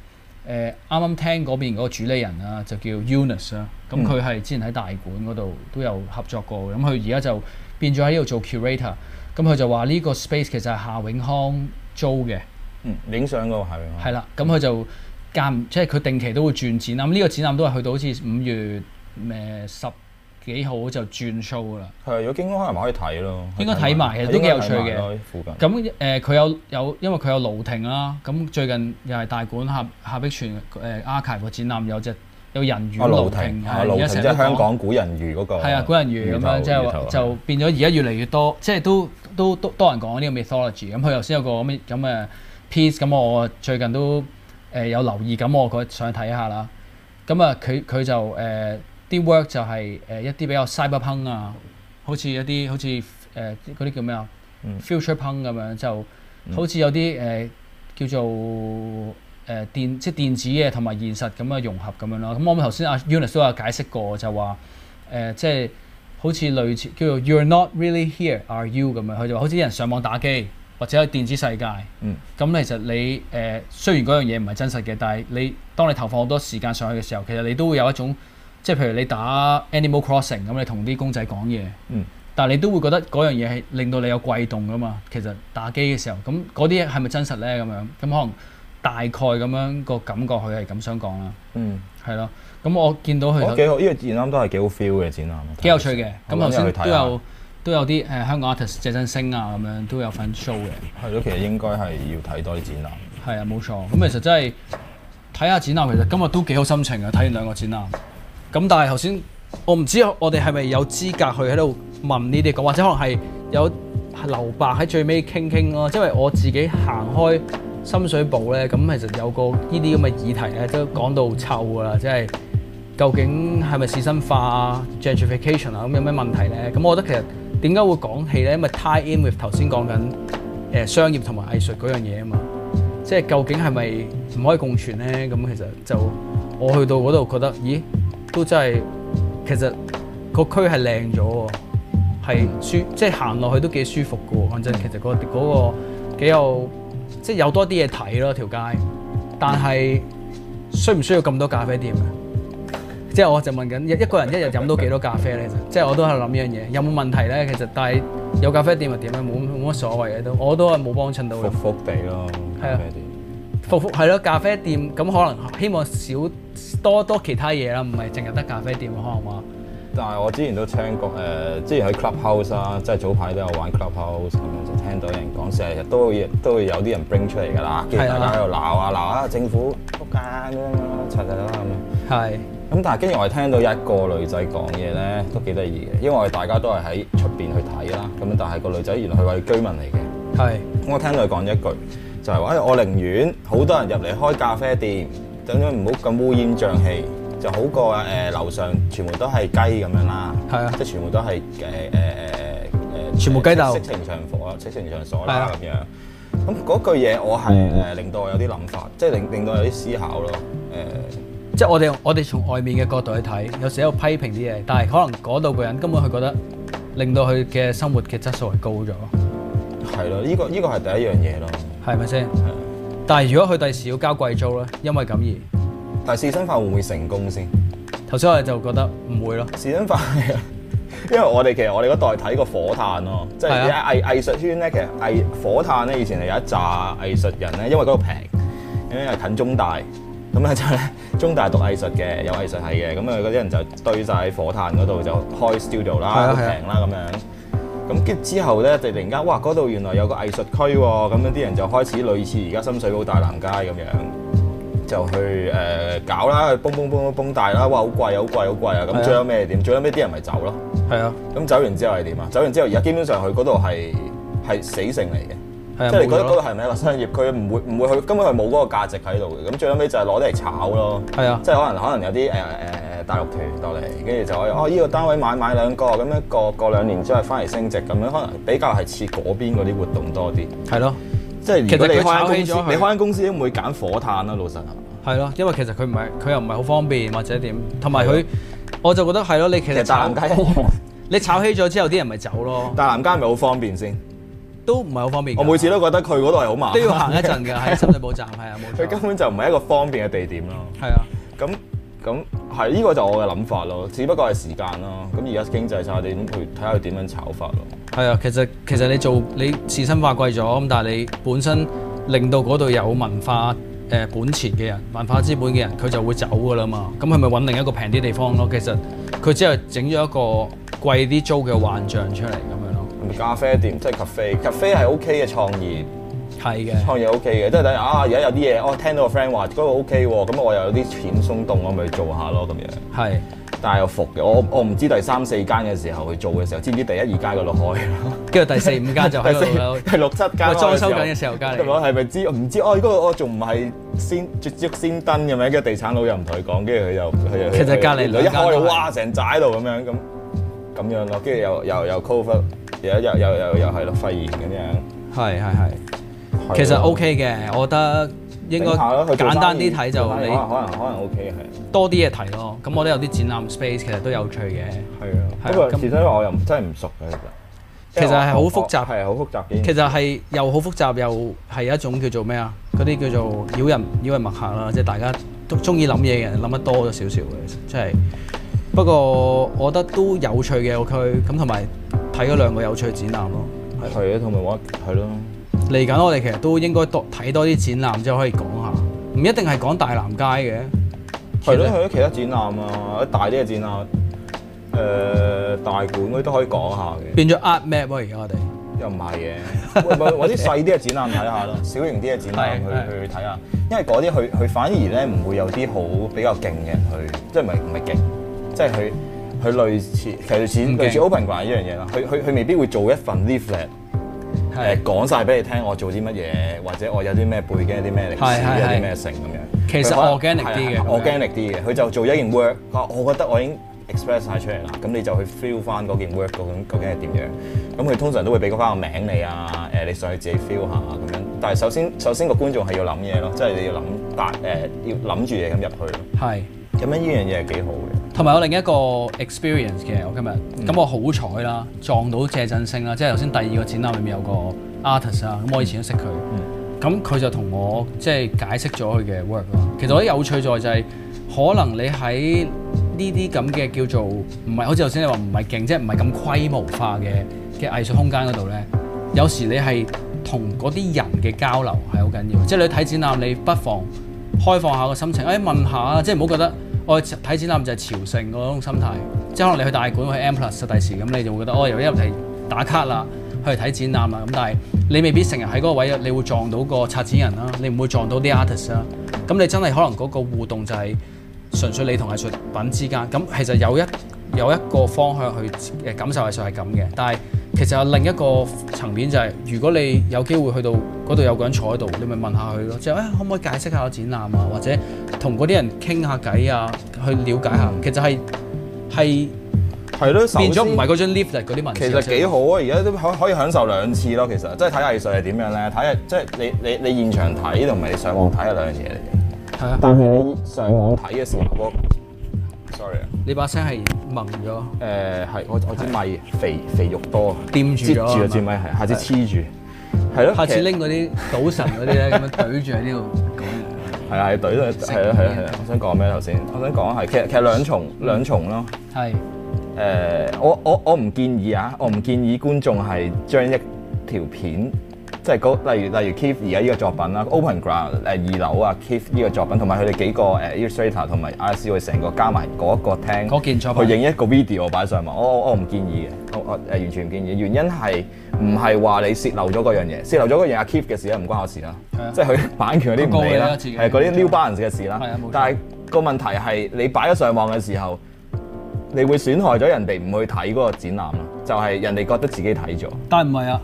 [SPEAKER 1] 誒啱啱聽嗰邊嗰個主理人啊，就叫 Unus 啦、啊。咁佢係之前喺大館嗰度都有合作過。咁佢而家就變咗喺度做 curator。咁佢就話呢個 space 其實係夏永康租嘅。嗯，影相嗰個夏永康。係啦，咁、嗯、佢、嗯、就。間即係佢定期都會轉展啦。呢、這個展覽都係去到好似五月誒、嗯、十幾號就轉 show
[SPEAKER 2] 啦。係，如果經開可能可以睇咯。應該睇埋其實都幾有趣嘅。
[SPEAKER 1] 咁誒佢有有因為佢有盧亭啦。咁、嗯、最近又係大館夏夏碧泉誒 archive 個展覽有隻有人魚盧亭啊！盧亭即係香港古
[SPEAKER 2] 人魚嗰個魚。係啊，古人魚咁樣即係話就
[SPEAKER 1] 變咗而家越嚟越多，即係都都都多人講呢個 mythology。咁佢頭先有個咩，咁誒 piece，咁我最近都。誒、呃、有留意咁我上去睇下啦，咁啊佢佢就誒啲、呃、work 就係誒一啲比較 cyberpunk 啊，好似一啲好似誒嗰啲叫咩啊、嗯、futurepunk 咁樣，就好似有啲誒、呃、叫做誒電、呃、即係電子嘅同埋現實咁嘅融合咁樣咯。咁我頭先啊 Unis 都有解釋過，就話誒即係好似類似叫做 You're not really here, are you？咁樣，佢就話好似啲人上網打機。或者喺電子世界，咁、嗯、其實你誒、呃、雖然嗰樣嘢唔係真實嘅，但係你當你投放好多時間上去嘅時候，其實你都會有一種，即係譬如你打 Animal Crossing 咁，你同啲公仔講嘢，嗯、但係你都會覺得嗰樣嘢係令到你有悸動噶嘛。其實打機嘅時候，咁嗰啲係咪真實咧？咁樣咁可能大概咁樣、個感覺，佢係咁想講啦。嗯，係咯。咁我見到佢哦幾好，依、
[SPEAKER 2] 個展覽都係幾好 feel 嘅展覽，幾有趣嘅。咁頭先都有。
[SPEAKER 1] 都有啲誒香港 artist 謝振星啊，咁樣都有份 show 嘅。係咯，其實應該係要睇多啲展覽。係啊，冇錯。咁其實真係睇下展覽，其實今日都幾好心情啊！睇完兩個展覽。咁但係頭先我唔知我哋係咪有資格去喺度問呢啲講，或者可能係有留白喺最尾傾傾咯。因為我自己行開深水埗咧，咁其實有個呢啲咁嘅議題咧都講到臭㗎啦，即係究竟係咪士紳化啊、gentrification 啊咁有咩問題咧？咁我覺得其實。點解會講起咧？因為 tie in with 頭先講緊誒商業同埋藝術嗰樣嘢啊嘛，即係究竟係咪唔可以共存咧？咁其實就我去到嗰度覺得，咦，都真係其實個區係靚咗，係舒即係行落去都幾舒服嘅喎。反正，其實嗰個嗰個幾有即係有多啲嘢睇咯條街，但係需唔需要咁多咖啡店啊？即係我就問緊一一個人一日飲到幾多咖啡咧？即係我都喺度諗呢樣嘢，有冇問題咧？其實，但係有咖啡店又點咧？冇冇乜所謂嘅都，我都係冇幫襯到復復。復復地咯，係啊，復復係咯，咖啡店咁可能希望少多多其他嘢啦，唔係淨係得咖啡店，好唔好？
[SPEAKER 2] 但係我之前都聽過誒、呃，之前喺 clubhouse 啊，即係早排都有玩 clubhouse，咁樣就聽到人講，成日都亦都會有啲人 bring 出嚟㗎啦，跟住大家喺度鬧啊鬧啊，政府撲街咁樣，齊齊都咁但係跟住我係聽到一個女仔講嘢咧，都幾得意嘅。因為我哋大家都係喺出邊去睇啦。咁但係個女仔原來佢係居民嚟嘅。係。我聽到佢講一句，就係話：誒我寧願好多人入嚟開咖啡店，等佢唔好咁烏煙瘴氣，就好過誒樓上全部都係雞咁樣啦。係啊。即係全部都係誒誒誒誒全部雞竇。色情場火啊！色情場所啦咁樣。咁嗰句嘢我係誒令到我有啲諗法，即係令令，令到有啲思考咯。誒。呃即係
[SPEAKER 1] 我哋，我哋從外面嘅角度去睇，有時候有批評啲嘢，但係可能嗰度個人根本佢覺得令到佢嘅生活嘅質素係高咗。
[SPEAKER 2] 係咯，呢個依個係第一樣嘢咯。
[SPEAKER 1] 係咪先？係的。但係如果佢第時要交貴租咧，因為咁而？
[SPEAKER 2] 但係市身化會唔會成功先？頭先我哋就覺得唔會咯。市身化，因為我哋其實我哋嗰代睇個火炭喎，即係藝藝術圈咧，其實藝火炭咧以前係有一紮藝術人咧，因為嗰度平，因為近中大。咁咧就咧中大讀藝術嘅，有藝術系嘅，咁啊嗰啲人就堆晒喺火炭嗰度就開 studio 啦、啊，好平啦咁樣。咁跟之後咧，突然間哇，嗰度原來有個藝術區喎、哦，咁樣啲人就開始類似而家深水埗大南街咁樣，就去誒、呃、搞啦，去 boom b 大啦，哇好貴好貴好貴，貴啊！咁最屘咩點？最屘啲人咪走咯。係啊，咁走完之後係點啊？走完之後而家基本上佢嗰度係係死城嚟嘅。沒即係你覺得嗰個係咪一個商業？佢唔會唔會去，根本係冇嗰個價值喺度嘅。咁最後尾就係攞啲嚟炒咯。係是啊，即係可能可能有啲誒誒大陸團到嚟，跟住就我我依個單位買買兩個，咁樣過過兩年之後翻嚟升值，咁樣可能比較係似嗰邊嗰啲活動多啲。係咯是、啊，即係其實炒公司炒你炒起咗，你開間公司會唔會揀火炭啊？老實
[SPEAKER 1] 係咯、啊，因為其實佢唔係佢又唔係好方便或者點，同埋佢我就覺得係咯、啊，你其實,其實大南街一樣。你炒起咗之
[SPEAKER 2] 後，啲人咪走咯。 大南街咪好方便先。都唔係好方便。我每次都覺得佢嗰度係好麻煩。都要行一陣嘅，喺深水埗站，係啊是，冇錯。佢根本就唔係一個方便嘅地點咯。係啊，咁咁係呢個就我嘅諗法咯。只不過係時間咯。咁而家經濟差啲，咁你點去睇下佢點樣炒法咯。
[SPEAKER 1] 係啊，其實其實你做你士紳化貴咗咁，但係你本身令到嗰度有文化誒、呃、本錢嘅人、文化資本嘅人，佢就會走㗎啦嘛。咁係咪揾另一個平啲地方咯？嗯、其實佢只係整咗一個貴啲租嘅幻
[SPEAKER 2] 象出嚟咁。咖啡店即係咖啡，咖啡係 OK 嘅創意，係嘅創意 OK 嘅，即係等下啊，而家有啲嘢，我、哦、聽到個 friend 話嗰個 OK 喎，咁、嗯、我又有啲錢鬆動，我咪去做下咯咁樣。係，但係又服嘅，我我唔知第三四間嘅時候去做嘅時候，知唔知第一二間嗰度開？跟住第四五間就開第，第六七間裝修緊嘅時候，時候是是、哦那個跟嗯、開。咁我係咪知？唔知哦？嗰個我仲唔係先捷足先登嘅咩？一個地產佬又唔同佢講，跟住佢又佢又，其實隔離兩間，哇！成寨度咁樣咁咁樣咯，跟住又又又 cover。又又又又係咯，肺炎咁樣。係係係，其實
[SPEAKER 1] O K 嘅，我覺得應該簡單啲睇就你、嗯、可能可能 O K 係多啲嘢睇咯。咁我都有啲展覽 space 其實都有趣嘅。係啊，因為其實因為
[SPEAKER 2] 我又真係唔熟嘅其實。其實係好複雜，
[SPEAKER 1] 係好複雜嘅。其實係又好複雜，又係一種叫做咩啊？嗰啲叫做騷人騷人墨客啦，即係大家都中意諗嘢嘅，諗得多咗少少嘅，即係不過我覺得都有趣嘅個區咁，同埋。睇咗兩個有趣嘅展覽咯，係啊的，同埋話係咯。嚟緊我哋其實都應該多睇多啲展覽，之後可以講下，
[SPEAKER 2] 唔一定係講大南街嘅，
[SPEAKER 1] 係咯，去咗其
[SPEAKER 2] 他展覽啊，啲大啲嘅展覽，誒、呃、大館嗰啲都可以講下嘅。變咗 Art Map 喎、啊，而家我哋又唔係嘅，揾啲細啲嘅展覽睇下咯， 小型啲嘅展覽去 去睇下，因為嗰啲佢佢反而咧唔會有啲好比較勁嘅，佢即係唔係唔係勁，即係佢。 佢類似，其類似行類似 open 掛呢樣嘢啦。佢佢佢未必會做一份 leaflet，誒講曬俾你聽我做啲乜嘢，或者我有啲咩背景、啲咩歷史、有啲咩成咁樣。其實我 r g a n i c 啲嘅我 r g a n i 啲嘅。佢的就做一件 work，我覺得我已經 express 晒出嚟啦。咁你就去 feel 翻嗰件 work 究竟究竟係點樣。咁佢通常都會俾翻個名你啊，誒你上去自己 feel 下咁樣。但係首先首先個觀眾係要諗嘢咯，即、就、係、是、你要諗但誒要諗住嘢咁入去。係是。咁樣呢樣嘢係幾好嘅。
[SPEAKER 1] 同埋我另一個 experience 嘅，我今日咁我好彩啦，撞到謝振聲啦，即係頭先第二個展覽裏面有個 artist 啊，咁我以前都識佢，咁佢、嗯、就同我即係解釋咗佢嘅 work 咯。其實我覺得有趣在就係、是，可能你喺呢啲咁嘅叫做唔係，好似頭先你話唔係勁，即係唔係咁規模化嘅嘅藝術空間嗰度咧，有時你係同嗰啲人嘅交流係好緊要，即係你睇展覽，你不妨開放下個心情，哎問下，即係唔好覺得。我睇展覽就係朝聖嗰種心態，即係可能你去大館去 M plus 實地時實第時咁，你就會覺得哦，由一入嚟打卡啦，去睇展覽啦，咁但係你未必成日喺嗰個位，你會撞到個策展人啦，你唔會撞到啲 artist 啦，咁你真係可能嗰個互動就係純粹你同藝術品之間，咁其實有一有一個方向去誒感受藝術係咁嘅，但係。其實有另一個層面，就是，就係如果你有機會去到嗰度有個人坐喺度，你咪問下佢咯，即係誒、哎、可唔可以解釋下展覽啊，或者同嗰啲人傾下偈啊，去了解下。其實係係
[SPEAKER 2] 係咯，先變咗唔係嗰
[SPEAKER 1] 張 lift 嗰啲問題。其實幾好
[SPEAKER 2] 啊，而家都可可以享受兩次咯。其實即係睇藝術係點樣咧？睇下，即係你你你，你現場睇同埋你上網睇係兩樣嘢嚟嘅。係啊看，但係你上網睇嘅時候。Sorry 啊！你把聲係濛咗。誒，係，我我支咪肥肥肉多，掂住，咗，接住啊支咪係，下次黐住，係咯，下次
[SPEAKER 1] 拎嗰啲賭神嗰啲咧，咁樣對住喺呢度
[SPEAKER 2] 講。係啊，對都係，係啊，係啊，我想講咩頭先？我想講係，其實其實兩重兩重咯。係。誒，我我我唔建議啊，我唔建議觀眾係將一條片。即係例如例如 Keep 而家呢個作品啦，Open Ground 誒二樓啊，Keep 呢個作品，同埋佢哋幾個誒 Illustrator 同埋 I C 會成個加埋嗰一個廳，去影一個 video 擺上網。我我唔建議嘅，我我、呃、完全唔建議。原因係唔係話你泄漏咗嗰樣嘢？泄漏咗嗰樣啊 Keep 嘅事，事啊，唔關我事啦。即係佢版權嗰啲唔理啦，New Balance 嘅事啦。係啊，但係個問題係你擺咗上網嘅時候，你會損害咗人哋唔去睇嗰個展覽啦。就係、是、人哋覺得自己睇咗。
[SPEAKER 1] 但係唔係啊？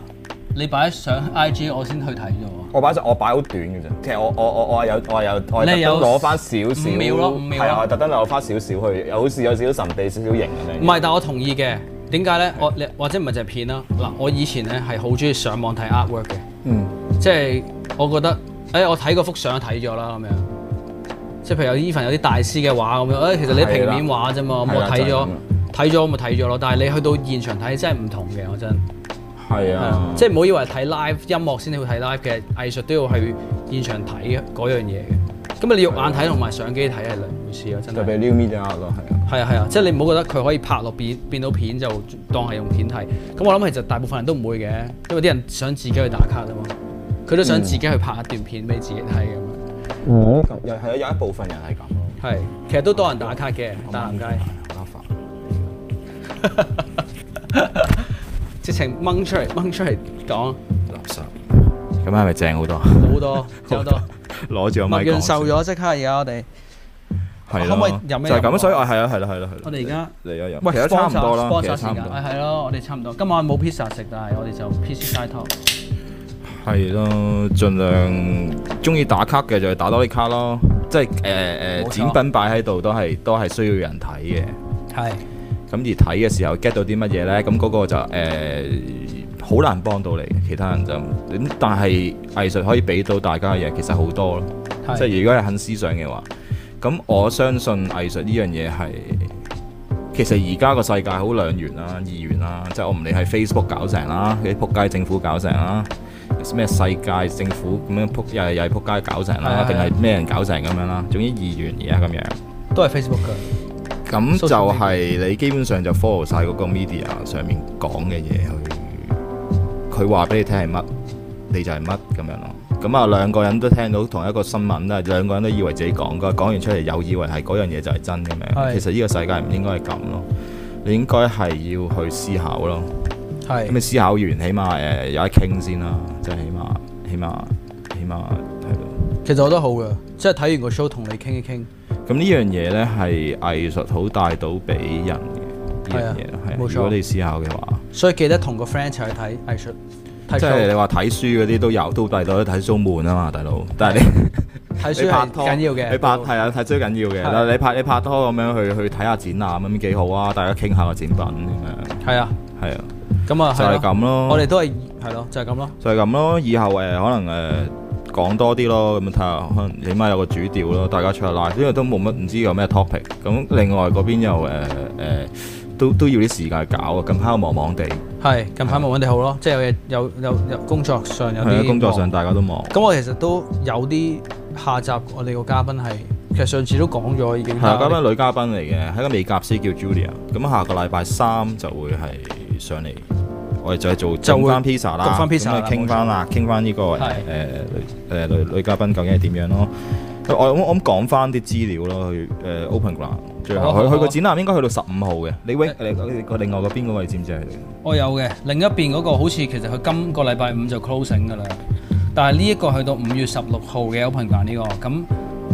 [SPEAKER 1] 你擺上 IG 我先去睇啫，
[SPEAKER 2] 我擺我擺好短
[SPEAKER 1] 嘅啫，其實我我我我有我係有
[SPEAKER 2] 我特登攞翻少少，五秒咯，五秒，係啊，特登攞翻少少去，好似有少少神秘，少少型咁樣。唔
[SPEAKER 1] 係，但我同意嘅，點解咧？我你或者唔係就係片啦。嗱，我以前咧係好中意上網睇 artwork 嘅，嗯，即係我覺得，哎，我睇個幅相睇咗啦咁樣，即係譬如有 even 有啲大師嘅畫咁樣，哎，其實你平面畫啫嘛，咁我睇咗睇咗我咪睇咗咯。但係你去到現場睇真係唔同嘅，我真。係啊，即係唔好以為睇 live 音樂先至會睇 live，其實藝術都要去現場睇嘅嗰樣嘢嘅。咁啊，你肉眼睇同埋相機睇係兩回事啊。真係。特別 new
[SPEAKER 2] media 咯，係啊。
[SPEAKER 1] 係啊，係啊，即係你唔好覺得佢可以拍落變變到片就當係用片睇。咁我諗其實大部分人都唔會嘅，因為啲人想自己去打卡啊嘛，佢都想自己去拍一段片俾自己睇咁啊。嗯，
[SPEAKER 2] 又
[SPEAKER 1] 係啊，有一部分人係咁。係，其實都多人打卡嘅，大南街。直情掹出嚟，掹出嚟講。垃圾。
[SPEAKER 2] 咁係咪正好多？好多，好多。攞住個麥。麥樣瘦咗，
[SPEAKER 1] 即刻！而家我哋
[SPEAKER 2] 可唔可以就係咁，所以係啊，係啦，係啦，係我哋而家嚟啊喂，其實差唔多啦，其實差唔多。係咯，我
[SPEAKER 1] 哋差唔多。今晚冇披薩食，但係我哋就 Pizzy SideTalk。
[SPEAKER 2] 係咯，盡量鍾意打卡嘅就係打多啲卡咯。即係誒誒展品擺喺度都係都係需要人睇嘅。係。咁而睇嘅時候 get 到啲乜嘢呢？咁嗰個就誒好難幫到你，其他人就但係藝術可以俾到大家嘅嘢其實好多咯，的即係如果係很思想嘅話，咁我相信藝術呢樣嘢係其實而家個世界好兩元啦、啊，二元啦、啊。即係我唔理係 Facebook 搞成啦、啊，啲撲街政府搞成啦、啊，咩世界政府咁樣撲又係撲街搞成啦、啊，定係咩人搞成咁樣啦、啊？總之二元而家咁樣，
[SPEAKER 1] 都係 Facebook 嘅。
[SPEAKER 2] 咁就係你基本上就 follow 曬嗰個 media 上面講嘅嘢去，佢話俾你聽係乜，你就係乜咁樣咯。咁啊，兩個人都聽到同一個新聞啦，兩個人都以為自己講嘅，講完出嚟又以為係嗰樣嘢就係真咁樣。係。其實呢個世界唔應該係咁咯，你應該係要去思考咯。
[SPEAKER 1] 係咁，
[SPEAKER 2] 你思考完起碼誒、呃、有得傾先啦，即係起碼起碼起碼係
[SPEAKER 1] 咯。其實我都好嘅，即係睇完個 show 同你傾一傾。
[SPEAKER 2] 咁呢樣嘢咧係藝術好帶到俾人嘅呢
[SPEAKER 1] 樣嘢，係。冇錯。如果你
[SPEAKER 2] 思考嘅話，所
[SPEAKER 1] 以記得同個 friend 一齊去
[SPEAKER 2] 睇藝術，睇即係你話睇書嗰啲都有，都帶到睇書悶啊嘛，大佬。但係你睇書係緊要嘅。你拍係啊，睇最緊要嘅。你拍你拍拖咁樣去去睇下展覽咁幾好啊！大家傾下個展品咁樣。係啊，係啊。咁啊，就係咁咯。我哋都係係咯，就係咁咯。就係咁咯。以後誒，可能誒。講多啲咯，咁樣睇下可能起碼有個主調咯，大家出下拉，因為都冇乜唔知有咩 topic。咁另外嗰邊又誒誒、呃呃，都都要啲時間搞啊，近排我忙忙地。
[SPEAKER 1] 係近排忙忙地好咯，嗯、即係有嘢有有工作上有啲忙，工作上大家都忙。咁我其實都有啲下集我哋個嘉賓係，其實上次都講咗已經。係嘉賓，嘉賓
[SPEAKER 2] 女嘉賓嚟嘅，係個美甲師叫 Julia。咁下個禮拜三就會係上嚟。我哋就係做整翻 pizza 啦，咁去傾翻啦，傾翻呢個誒誒女女女嘉賓究竟係點樣咯？我我我講翻啲資料咯，去誒 openground，最後去個展覽應該去到十五號嘅。李偉，你你個另外個邊個位唔知係？
[SPEAKER 1] 我有嘅，另一邊嗰個好似其實佢今個禮拜五就 closing 噶啦。但係呢一個去到五月十六號嘅 openground 呢個咁。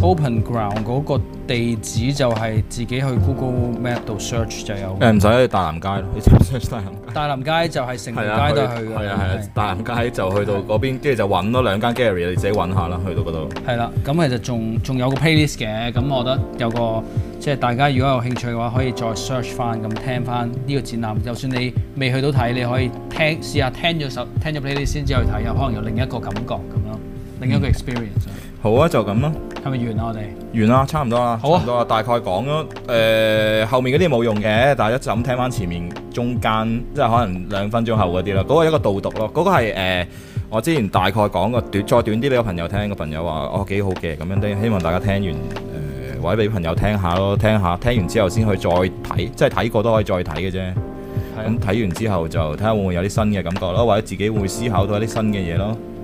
[SPEAKER 1] openground 嗰個地址就係、
[SPEAKER 2] 是、自己去 Google Map 度 search 就是、有誒唔使去大南街咯，你直接 search 大南街、大南街，大南街就係成條街都去嘅。啊係啊！大南街就去到嗰邊，跟住的就揾多兩間 Gallery，你自己揾下啦，去到嗰度。
[SPEAKER 1] 係啦，咁其實仲仲有個 playlist 嘅，咁我覺得有個即係大家如果有興趣嘅話，可以再 search 翻咁聽翻呢個展覽。就算你未去到睇，你可以聽試下聽咗首聽咗 playlist 先至去睇，可能有另一個感覺咁咯，另一
[SPEAKER 2] 個 experience、嗯。好啊，就咁咯。係咪完啦，我哋完啦，差唔多啦，好、啊，差唔多啦。大概講咗誒，後面嗰啲冇用嘅，但係一陣聽翻前面中間，即係可能兩分鐘後嗰啲咯。嗰、那個一個導讀咯，嗰、那個係誒、呃，我之前大概講個短，再短啲俾個朋友聽，個朋友話哦幾好嘅，咁樣都希望大家聽完誒，呃、或者俾朋友聽下咯，聽下，聽完之後先去再睇，即係睇過都可以再睇嘅啫。咁睇的完之後就睇下會唔會有啲新嘅感覺咯，或者自己會思考到一啲新嘅嘢咯。